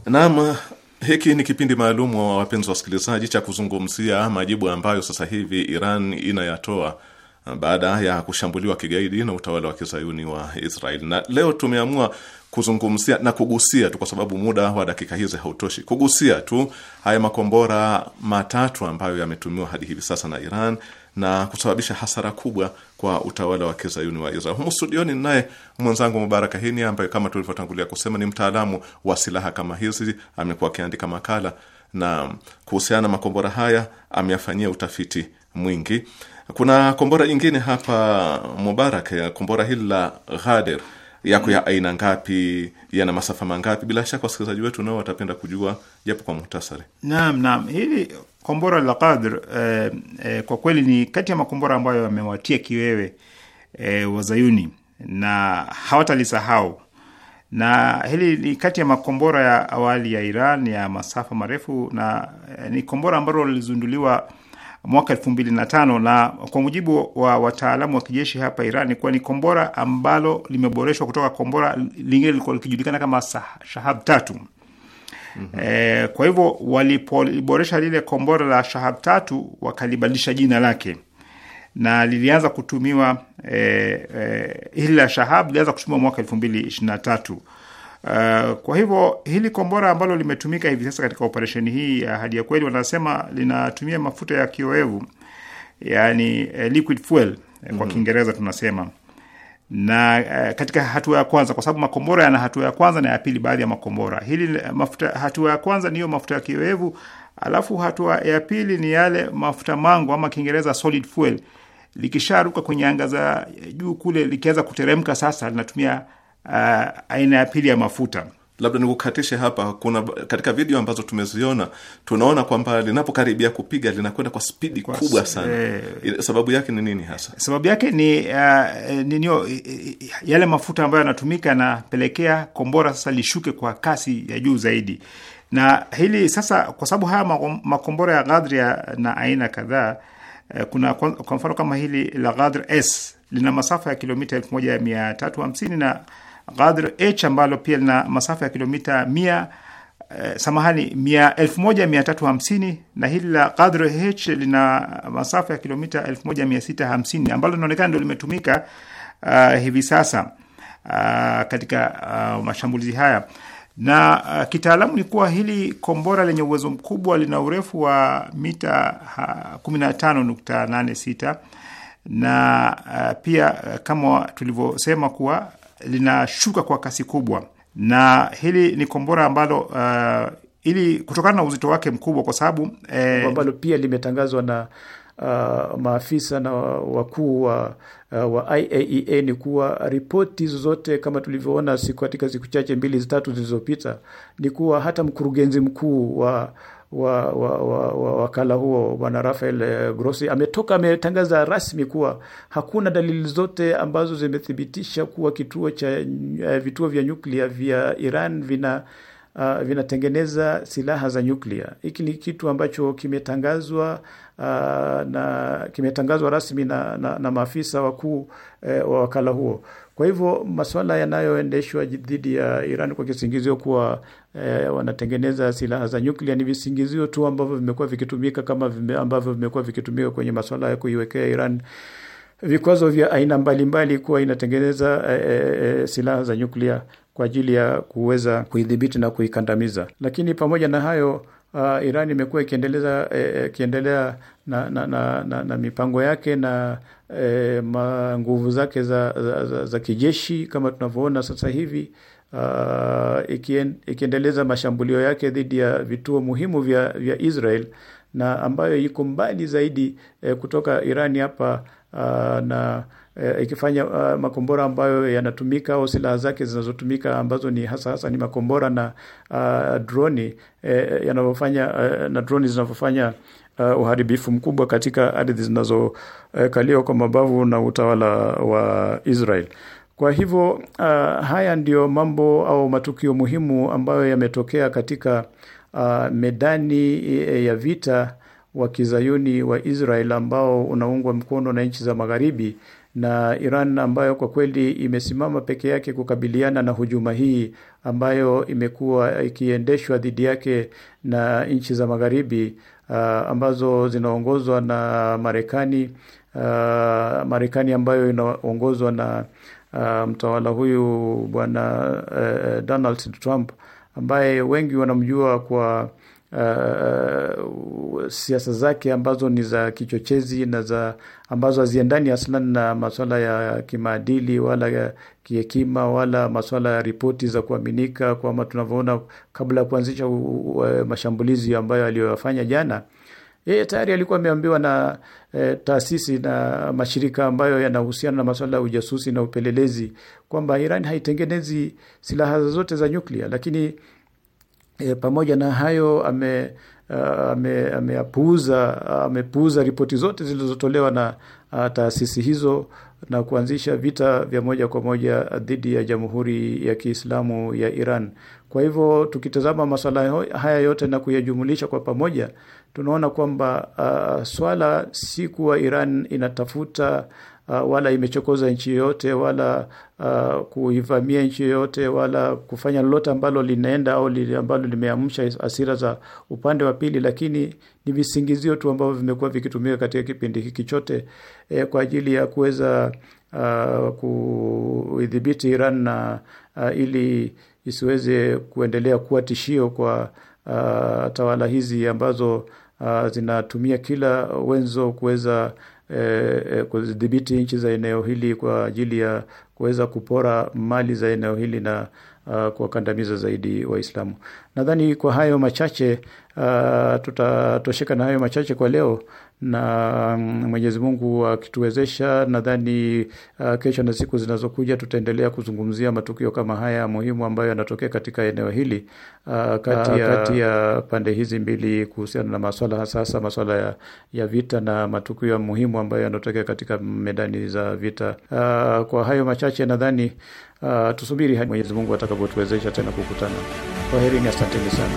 Naam. Hiki ni kipindi maalum wa wapenzi wa wasikilizaji, cha kuzungumzia majibu ambayo sasa hivi Iran inayatoa baada ya kushambuliwa kigaidi na utawala wa kizayuni wa Israel. Na leo tumeamua kuzungumzia na kugusia tu, kwa sababu muda wa dakika hizi hautoshi, kugusia tu haya makombora matatu ambayo yametumiwa hadi hivi sasa na Iran na kusababisha hasara kubwa kwa utawala wa kizayuni wa Israel. Humu studioni naye mwenzangu Mubaraka Hini, ambaye kama tulivyotangulia kusema ni mtaalamu wa silaha kama hizi, amekuwa akiandika makala na kuhusiana na makombora haya ameyafanyia utafiti mwingi. Kuna kombora jingine hapa Mubarak, kombora hili la Ghadir yako ya aina ngapi, yana masafa mangapi? Bila shaka wasikilizaji wetu nao watapenda kujua japo kwa muhtasari. Naam, naam, hili kombora la Qadr eh, eh, kwa kweli ni kati ya makombora ambayo yamewatia kiwewe eh, wazayuni na hawatalisahau na hili ni kati ya makombora ya awali ya Iran ya masafa marefu na eh, ni kombora ambalo lilizunduliwa mwaka elfu mbili na tano na kwa mujibu wa wataalamu wa kijeshi hapa Iran kuwa ni kombora ambalo limeboreshwa kutoka kombora lingine lilikuwa likijulikana kama Shahab tatu. Mm -hmm. E, kwa hivyo walipoliboresha lile kombora la Shahab tatu wakalibadilisha jina lake na lilianza kutumiwa e, e, hili la Shahab lilianza kutumiwa mwaka elfu mbili 2023. Uh, kwa hivyo hili kombora ambalo limetumika hivi sasa katika operesheni hii ya Ahadi ya Kweli wanasema linatumia mafuta ya kioevu, yani eh, liquid fuel eh, kwa mm -hmm. Kiingereza tunasema na eh, katika hatua ya kwanza, kwa sababu makombora yana hatua ya kwanza na ya pili, baadhi ya makombora hili eh, mafuta, hatua ya kwanza niyo mafuta ya kioevu, alafu hatua ya pili ni yale mafuta mango ama Kiingereza solid fuel. Likisharuka kwenye anga za eh, juu kule, likianza kuteremka sasa, linatumia uh, aina ya pili ya mafuta. Labda nikukatishe hapa. Kuna katika video ambazo tumeziona tunaona kwamba linapokaribia kupiga linakwenda kwa spidi kubwa sana. E, sababu yake ni nini hasa? Sababu yake ni uh, ah, eh, ninio, yale mafuta ambayo yanatumika yanapelekea kombora sasa lishuke kwa kasi ya juu zaidi, na hili sasa, kwa sababu haya makombora ya Ghadria na aina kadhaa, eh, kuna kwa mfano kama hili la Ghadr S lina masafa ya kilomita elfu moja mia tatu hamsini na Ghadr H ambalo pia lina masafa ya kilomita mia eh, samahani mia elfu moja mia tatu hamsini na hili la Qadr H lina masafa ya kilomita elfu moja mia sita hamsini ambalo linaonekana ndio limetumika uh, hivi sasa uh, katika uh, mashambulizi haya na uh, kitaalamu ni kuwa hili kombora lenye uwezo mkubwa lina urefu wa mita uh, 15.86 na uh, pia uh, kama tulivyosema kuwa linashuka kwa kasi kubwa, na hili ni kombora ambalo uh, ili kutokana na uzito wake mkubwa, kwa sababu eh, ambalo pia limetangazwa na uh, maafisa na wakuu wa uh, wa IAEA e ni kuwa ripoti hizo zote kama tulivyoona siku katika siku chache mbili zitatu zilizopita, ni kuwa hata mkurugenzi mkuu wa wa, wa, wa, wa wakala huo bwana Rafael eh, Grossi ametoka ametangaza rasmi kuwa hakuna dalili zote ambazo zimethibitisha kuwa kituo cha uh, vituo vya nyuklia vya Iran vina Uh, vinatengeneza silaha za nyuklia. Hiki ni kitu ambacho kimetangazwa uh, na kimetangazwa rasmi na, na, na maafisa wakuu eh, wa wakala huo. Kwa hivyo masuala yanayoendeshwa dhidi ya Iran kwa kisingizio kuwa Eh, wanatengeneza silaha za nyuklia ni visingizio tu ambavyo vimekuwa vikitumika kama vime, ambavyo vimekuwa vikitumika kwenye masuala ya kuiwekea Iran vikwazo vya aina mbalimbali kuwa inatengeneza e, e, silaha za nyuklia kwa ajili ya kuweza kuidhibiti na kuikandamiza. Lakini pamoja na hayo uh, Iran imekuwa ikiendeleza ikiendelea e, na, na, na, na, na mipango yake na e, nguvu zake za, za, za, za kijeshi kama tunavyoona sasa hivi uh, ikien, ikiendeleza mashambulio yake dhidi ya vituo muhimu vya, vya Israel na ambayo iko mbali zaidi eh, kutoka Irani hapa uh, na eh, ikifanya uh, makombora ambayo yanatumika au silaha zake zinazotumika ambazo ni hasa hasa ni makombora na uh, droni eh, yanavyofanya uh, na droni zinavyofanya uh, uharibifu mkubwa katika ardhi zinazokaliwa uh, kwa mabavu na utawala wa Israel. Kwa hivyo uh, haya ndiyo mambo au matukio muhimu ambayo yametokea katika uh, medani eh, ya vita wa kizayuni wa Israel ambao unaungwa mkono na nchi za magharibi na Iran ambayo kwa kweli imesimama peke yake kukabiliana na hujuma hii ambayo imekuwa ikiendeshwa dhidi yake na nchi za magharibi uh, ambazo zinaongozwa na Marekani uh, Marekani ambayo inaongozwa na uh, mtawala huyu bwana uh, uh, Donald Trump ambaye wengi wanamjua kwa uh, uh, siasa zake ambazo ni za kichochezi na za ambazo haziendani aslan na maswala ya kimaadili wala kihekima wala maswala ya ripoti za kuaminika, kwama tunavyoona kabla ya kuanzisha uh, mashambulizi ambayo aliyoyafanya jana yeye tayari alikuwa ameambiwa na e, taasisi na mashirika ambayo yanahusiana na masuala ya ujasusi na upelelezi kwamba Iran haitengenezi silaha zote za nyuklia, lakini e, pamoja na hayo ame ah, ame amepuuza ripoti zote zilizotolewa na a, ah, taasisi hizo na kuanzisha vita vya moja kwa moja dhidi ya Jamhuri ya Kiislamu ya Iran. Kwa hivyo tukitazama masuala haya yote na kuyajumulisha kwa pamoja, tunaona kwamba uh, swala si kuwa Iran inatafuta uh, wala imechokoza nchi yoyote wala uh, kuivamia nchi yoyote wala kufanya lolote ambalo linaenda au li, ambalo limeamsha asira za upande wa pili, lakini ni visingizio tu ambavyo vimekuwa vikitumika katika kipindi hiki chote eh, kwa ajili ya kuweza uh, kuidhibiti Iran na uh, ili isiweze kuendelea kuwa tishio kwa uh, tawala hizi ambazo uh, zinatumia kila wenzo kuweza eh, eh, kudhibiti nchi za eneo hili kwa ajili ya kuweza kupora mali za eneo hili na uh, kuwakandamiza zaidi Waislamu. Nadhani kwa hayo machache uh, tutatosheka na hayo machache kwa leo na mm, Mwenyezi Mungu akituwezesha, nadhani uh, kesho na siku zinazokuja tutaendelea kuzungumzia matukio kama haya muhimu ambayo yanatokea katika eneo hili uh, kati, uh, kati ya pande hizi mbili kuhusiana na maswala hasa hasa maswala ya, ya vita na matukio muhimu ambayo yanatokea katika medani za vita. Uh, kwa hayo machache nadhani uh, tusubiri Mwenyezi Mungu atakapotuwezesha tena kukutana. Kwaherini, asanteni sana.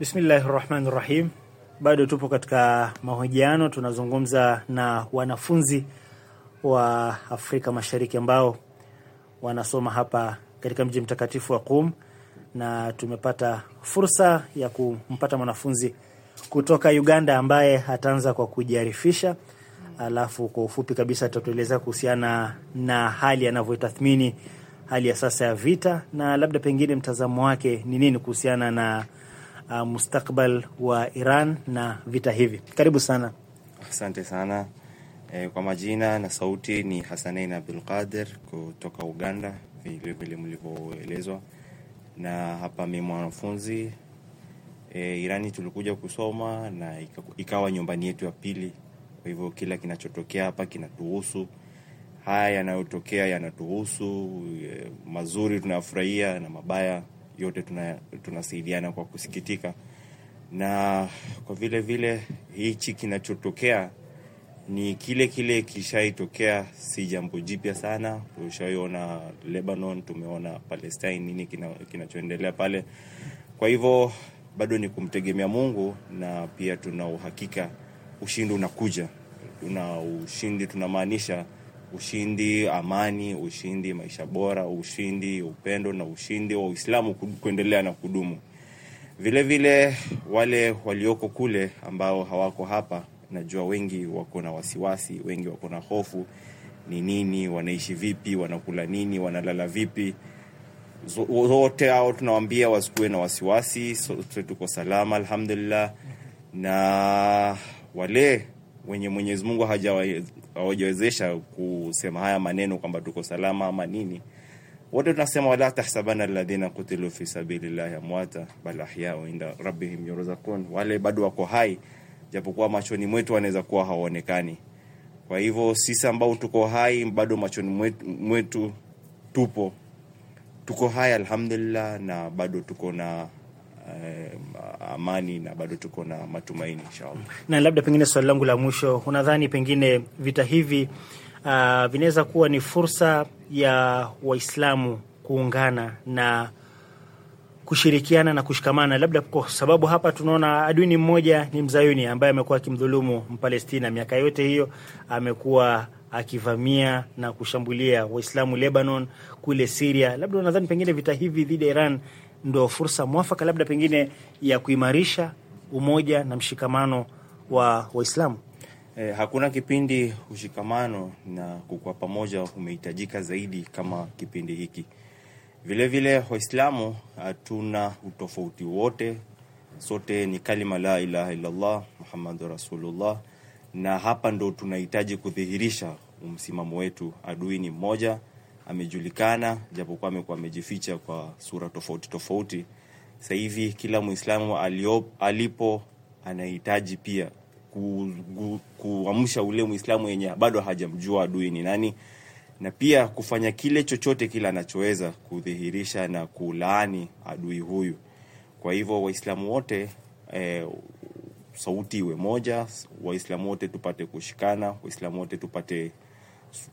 Bismillahi rahmani rahim. Bado tupo katika mahojiano, tunazungumza na wanafunzi wa Afrika Mashariki ambao wanasoma hapa katika mji mtakatifu wa Qum, na tumepata fursa ya kumpata mwanafunzi kutoka Uganda ambaye ataanza kwa kujiarifisha, alafu kwa ufupi kabisa atatueleza kuhusiana na hali anavyotathmini hali ya sasa ya vita, na labda pengine mtazamo wake ni nini kuhusiana na uh, mustakbal wa Iran na vita hivi. Karibu sana. Asante sana. E, kwa majina na sauti ni abdul Abdulqadir kutoka Uganda, vilevile mlivyoelezwa na hapa. Mimi mwanafunzi e, Irani tulikuja kusoma na ikawa nyumbani yetu ya pili, kwa hivyo kila kinachotokea hapa kinatuhusu. Haya yanayotokea yanatuhusu, e, mazuri tunayafurahia na mabaya yote tunasaidiana tuna kwa kusikitika, na kwa vile vile hichi kinachotokea ni kile kile kishaitokea, si jambo jipya sana. Ushaiona Lebanon, tumeona Palestine, nini kinachoendelea kina pale. Kwa hivyo bado ni kumtegemea Mungu, na pia tuna uhakika ushindi unakuja. Tuna ushindi tunamaanisha ushindi, amani, ushindi, maisha bora, ushindi, upendo na ushindi wa Uislamu kuendelea na kudumu. Vilevile vile, wale walioko kule ambao hawako hapa, najua wengi wako na wasiwasi, wengi wako na hofu. Ni nini? Wanaishi vipi? Wanakula nini? Wanalala vipi? Wote hao tunawaambia wasikuwe na wasiwasi, sote tuko salama alhamdulillah. Na wale wenye Mwenyezi Mungu hawajawezesha kusema haya maneno kwamba tuko salama ama nini. Wote tunasema wala tahsabana alladhina kutilu fi sabilillahi amwata bal ahyau inda rabbihim yurzaqun, wale bado wako hai japokuwa machoni mwetu wanaweza kuwa hawaonekani. Kwa hivyo sisi ambao tuko hai bado machoni mwetu, mwetu tupo tuko hai alhamdulillah, na bado tuko na eh, amani na bado tuko na matumaini inshallah. Na labda pengine swali langu la mwisho, unadhani pengine vita hivi uh, vinaweza kuwa ni fursa ya Waislamu kuungana na kushirikiana na kushikamana, labda kwa sababu hapa tunaona adui ni mmoja, ni mzayuni ambaye amekuwa akimdhulumu Mpalestina miaka yote hiyo, amekuwa akivamia na kushambulia Waislamu Lebanon, kule Siria. Labda unadhani pengine vita hivi dhidi ya Iran ndo fursa mwafaka labda pengine ya kuimarisha umoja na mshikamano wa Waislamu. Eh, hakuna kipindi ushikamano na kukuwa pamoja umehitajika zaidi kama kipindi hiki. Vilevile Waislamu hatuna utofauti wote, sote ni kalima la ilaha illallah Muhammadu rasulullah, na hapa ndo tunahitaji kudhihirisha msimamo wetu. Adui ni mmoja amejulikana, japokuwa amekuwa amejificha kwa sura tofauti tofauti. Sasa hivi kila Mwislamu alipo anahitaji pia kuamsha ule Mwislamu yenye bado hajamjua adui ni nani, na pia kufanya kile chochote kile anachoweza kudhihirisha na kulaani adui huyu. Kwa hivyo Waislamu wote e, sauti iwe moja, Waislamu wote tupate kushikana, Waislamu wote tupate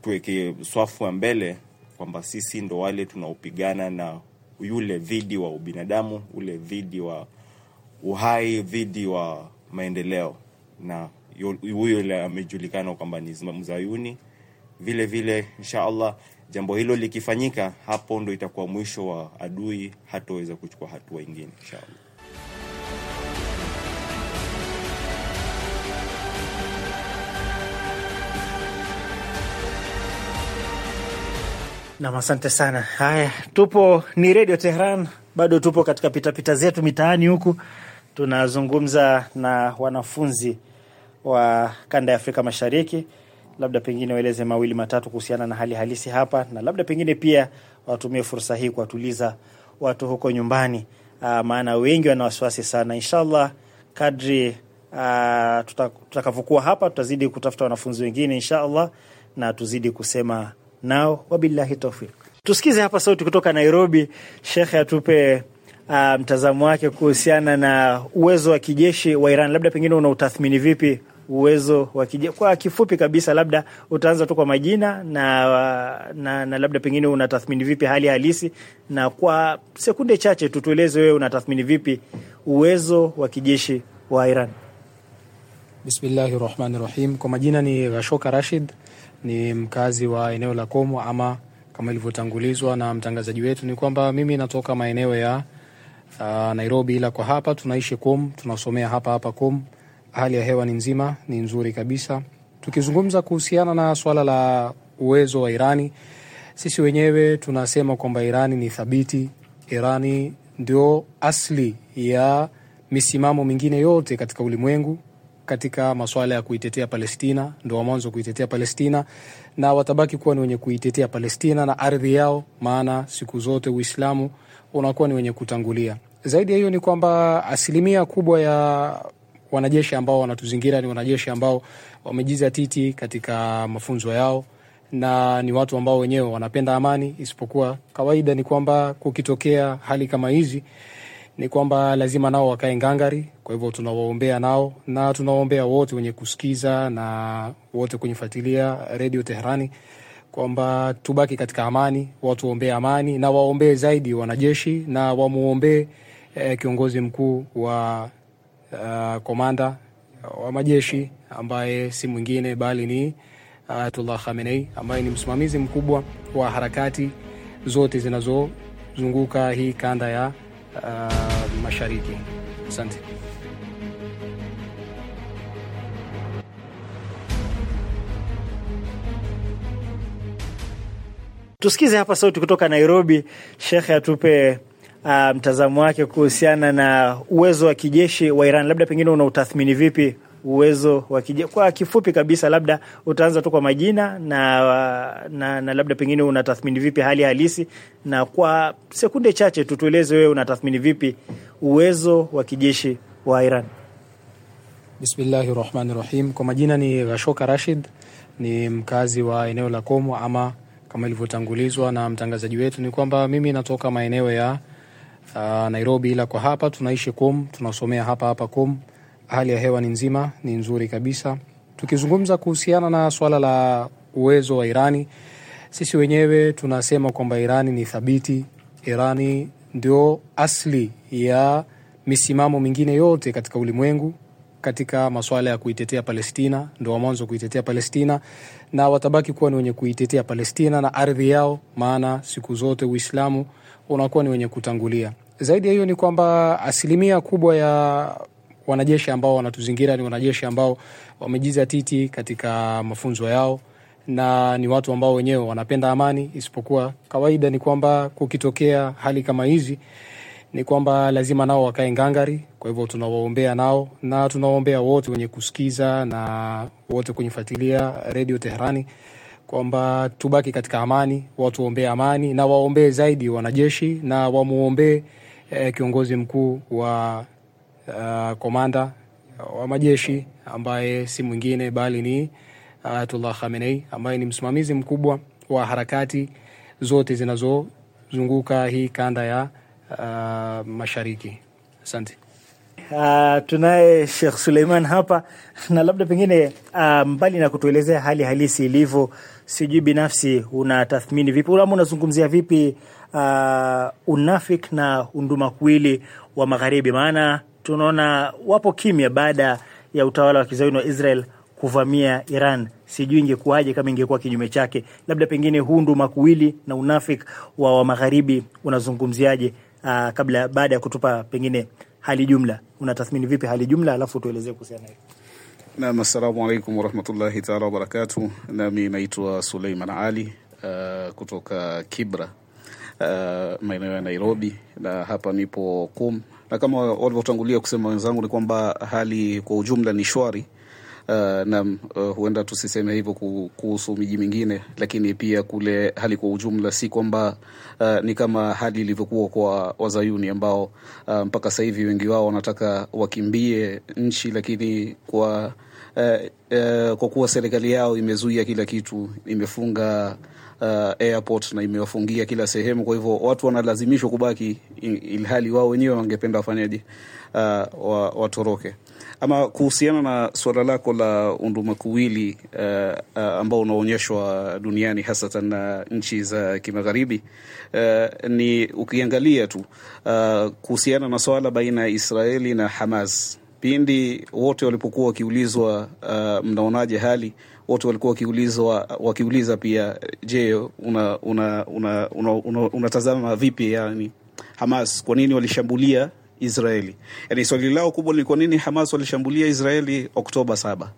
tuweke swafu ya mbele kwamba sisi ndo wale tunaopigana na yule dhidi wa ubinadamu, ule dhidi wa uhai, dhidi wa maendeleo, na huyo amejulikana kwamba ni mzayuni. Vile vile, insha Allah, jambo hilo likifanyika, hapo ndo itakuwa mwisho wa adui, hataweza kuchukua hatua ingine inshaallah Nam, asante sana. Haya, tupo ni Redio Tehran, bado tupo katika pitapita zetu mitaani huku, tunazungumza na wanafunzi wa kanda ya Afrika Mashariki. Labda pengine waeleze mawili matatu kuhusiana na hali halisi hapa, na labda pengine pia watumie fursa hii kuwatuliza watu huko nyumbani, ah, maana wengi wana wasiwasi sana. Inshallah, kadri ah, tutakavyokuwa hapa, tutazidi kutafuta wanafunzi wengine inshallah, na tuzidi kusema nao, wabillahi tawfiq. Tusikize hapa sauti kutoka Nairobi, shekhe atupe uh, mtazamo wake kuhusiana na uwezo wa kijeshi wa Iran. Labda pengine unautathmini vipi uwezo wa kijeshi kwa kifupi kabisa, labda utaanza tu kwa majina na, na, na labda pengine unatathmini vipi hali halisi, na kwa sekunde chache tutueleze wewe unatathmini vipi uwezo wa kijeshi wa Iran. Bismillahi rahmani rahim. Kwa majina ni Rashoka Rashid ni mkazi wa eneo la Komo, ama kama ilivyotangulizwa na mtangazaji wetu ni kwamba mimi natoka maeneo ya uh, Nairobi, ila kwa hapa tunaishi Kom, tunasomea hapa hapa Kom. Hali ya hewa ni nzima, ni nzuri kabisa. Tukizungumza kuhusiana na swala la uwezo wa Irani, sisi wenyewe tunasema kwamba Irani ni thabiti. Irani ndio asili ya misimamo mingine yote katika ulimwengu katika masuala ya kuitetea Palestina, ndo wa mwanzo kuitetea Palestina na watabaki kuwa ni wenye kuitetea Palestina na ardhi yao, maana siku zote Uislamu unakuwa ni wenye kutangulia. Zaidi ya hiyo ni kwamba asilimia kubwa ya wanajeshi ambao wanatuzingira ni wanajeshi ambao wamejiza titi katika mafunzo yao na ni watu ambao wenyewe wanapenda amani, isipokuwa kawaida ni kwamba kukitokea hali kama hizi ni kwamba lazima nao wakae ngangari. Kwa hivyo tunawaombea nao na tunawaombea wote wenye kusikiza na wote kunyefuatilia redio Teherani kwamba tubaki katika amani, watuombee amani na waombee zaidi wanajeshi na wamwombee eh, kiongozi mkuu wa uh, komanda wa majeshi ambaye si mwingine bali ni eh, Ayatullah Khamenei ambaye ni msimamizi mkubwa wa harakati zote zinazozunguka hii kanda ya uh, mashariki. Asante. Tusikize hapa sauti kutoka Nairobi. Shekhe atupe uh, mtazamo wake kuhusiana na uwezo wa kijeshi wa Iran. Labda pengine unautathmini vipi uwezo wa kija. Kwa kifupi kabisa, labda utaanza tu kwa majina na, na, na labda pengine unatathmini vipi hali halisi, na kwa sekunde chache tutueleze wewe unatathmini vipi uwezo wa kijeshi wa Iran. Bismillahi rahmani rahim. Kwa majina ni Rashoka Rashid, ni mkazi wa eneo la Komo, ama kama ilivyotangulizwa na mtangazaji wetu ni kwamba mimi natoka maeneo ya uh, Nairobi, ila kwa hapa tunaishi Komo, tunasomea hapa hapa Komo hali ya hewa ni nzima, ni nzuri kabisa. Tukizungumza kuhusiana na swala la uwezo wa Irani, sisi wenyewe tunasema kwamba Irani ni thabiti. Irani ndio asli ya misimamo mingine yote katika ulimwengu katika masuala ya kuitetea Palestina, ndo wa mwanzo kuitetea Palestina na watabaki kuwa ni wenye kuitetea Palestina na ardhi yao, maana siku zote Uislamu unakuwa ni wenye kutangulia. Zaidi ya hiyo ni kwamba asilimia kubwa ya wanajeshi ambao wanatuzingira ni wanajeshi ambao wamejiza titi katika mafunzo yao na ni watu ambao wenyewe wanapenda amani, isipokuwa kawaida ni kwamba kukitokea hali kama hizi ni kwamba lazima nao wakae ngangari. Kwa hivyo tunawaombea nao na tunawaombea wote wenye kusikiza na wote kunyefuatilia Redio Teherani kwamba tubaki katika amani, watu waombee amani na waombee zaidi wanajeshi na wamwombee eh, kiongozi mkuu wa uh, komanda wa majeshi ambaye si mwingine bali ni Ayatullah Khamenei ambaye ni msimamizi mkubwa wa harakati zote zinazozunguka hii kanda ya uh, mashariki. Asante. Uh, tunaye Sheikh Suleiman hapa na labda pengine uh, mbali na kutuelezea hali halisi ilivyo, sijui binafsi unatathmini vipi ama unazungumzia vipi uh, unafik na unduma kwili wa magharibi? Maana tunaona wapo kimya baada ya utawala wa kizayuni wa Israel kuvamia Iran. Sijui ingekuwaje kama ingekuwa kinyume chake. Labda pengine hundu makuwili na unafik wa, wa magharibi unazungumziaje? Uh, kabla baada ya kutupa pengine hali jumla, unatathmini vipi hali jumla, alafu tuelezee kuhusiana hiyo. Naam, assalamu alaikum warahmatullahi taala wabarakatu. Nami naitwa Suleiman Ali uh, kutoka Kibra uh, maeneo ya Nairobi, na hapa nipo kum na kama walivyotangulia kusema wenzangu ni kwamba hali kwa ujumla ni shwari. Uh, na uh, huenda tusiseme hivyo kuhusu miji mingine, lakini pia kule hali kwa ujumla si kwamba uh, ni kama hali ilivyokuwa kwa wazayuni ambao uh, mpaka sasa hivi wengi wao wanataka wakimbie nchi, lakini kwa uh, uh, kwa kuwa serikali yao imezuia kila kitu, imefunga uh, airport na imewafungia kila sehemu. Kwa hivyo watu wanalazimishwa kubaki ilhali wao wenyewe wangependa wafanyaje, uh, wa, watoroke. Ama kuhusiana na suala lako la undumakuwili uh, uh, ambao unaonyeshwa duniani hasatan na nchi za kimagharibi uh, ni ukiangalia tu uh, kuhusiana na swala baina ya Israeli na Hamas pindi wote walipokuwa wakiulizwa, uh, mnaonaje hali watu walikuwa wakiulizwa wakiuliza pia, je, unatazama una, una, una, una, una vipi yani Hamas kwa nini walishambulia Israeli? Yani swali lao kubwa ni kwa nini Hamas walishambulia Israeli Oktoba saba,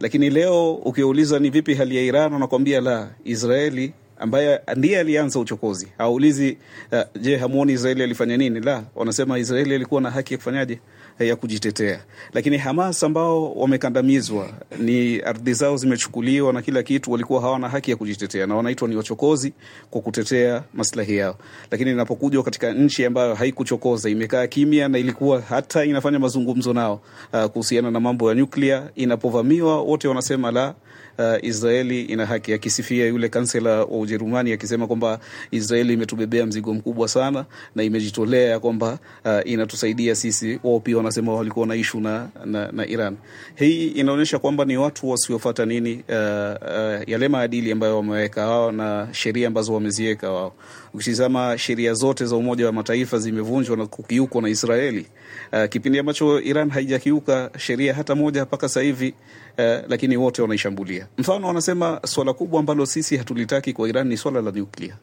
lakini leo ukiuliza ni vipi hali ya Iran wanakuambia la, Israeli ambaye ndiye alianza uchokozi. Haulizi uh, ah, je, hamuoni Israeli alifanya nini? La, wanasema Israeli alikuwa na haki ya kufanyaje ya kujitetea. Lakini Hamas ambao wamekandamizwa, ni ardhi zao zimechukuliwa na kila kitu, walikuwa hawana haki ya kujitetea na wanaitwa ni wachokozi kwa kutetea maslahi yao. Lakini inapokujwa katika nchi ambayo haikuchokoza, imekaa kimya na ilikuwa hata inafanya mazungumzo nao uh, kuhusiana na mambo ya nyuklia, inapovamiwa wote wanasema la uh, Israeli ina haki, akisifia yule kansela wa Ujerumani akisema kwamba Israeli imetubebea mzigo mkubwa sana na imejitolea ya kwamba uh, inatusaidia sisi. Wao pia wanasema walikuwa na ishu na, na, na Iran. Hii inaonyesha kwamba ni watu wasiofata nini uh, uh, yale maadili ambayo wameweka wao na sheria ambazo wameziweka wao. Ukitizama sheria zote za Umoja wa Mataifa zimevunjwa na kukiukwa na Israeli uh, kipindi ambacho Iran haijakiuka sheria hata moja mpaka sasa hivi uh, lakini wote wanaishambulia. Mfano, wanasema swala kubwa ambalo sisi hatulitaki kwa Iran ni swala la nyuklia,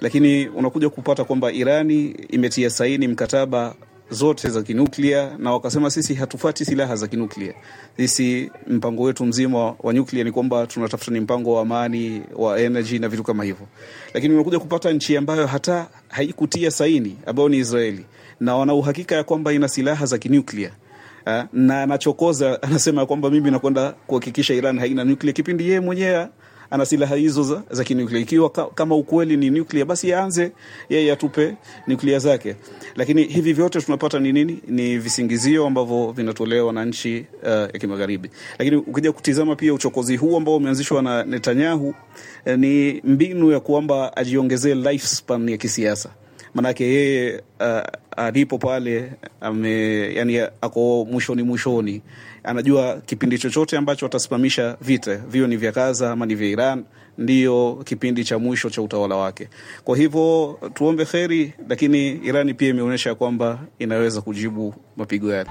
lakini unakuja kupata kwamba Irani imetia saini mkataba zote za kinuklia na wakasema sisi hatufati silaha za kinuklia. Sisi mpango wetu mzima wa nyuklia ni kwamba tunatafuta ni mpango wa amani wa energy na vitu kama hivyo, lakini unakuja kupata nchi ambayo hata haikutia saini ambayo ni Israeli na wana uhakika ya kwamba ina silaha za kinuklia Eh, na anachokoza anasema kwamba mimi nakwenda kuhakikisha Iran haina nuklia, kipindi yeye mwenyewe ana silaha hizo za, za kinuklia. Ikiwa kama ukweli ni nuklia, basi aanze yeye atupe nuklia zake. Lakini hivi vyote tunapata ni nini? Ni visingizio ambavyo vinatolewa na nchi uh, ya Kimagharibi. Lakini ukija kutizama pia uchokozi huu ambao umeanzishwa na Netanyahu eh, ni mbinu ya kwamba ajiongezee lifespan ya kisiasa manake yeye uh, alipo pale ame, yani ako mwishoni mwishoni, anajua kipindi chochote ambacho atasimamisha vita vio ni vya Gaza ama ni vya Iran ndiyo kipindi cha mwisho cha utawala wake. Kwa hivyo tuombe kheri, lakini Irani pia imeonyesha kwamba inaweza kujibu mapigo yake.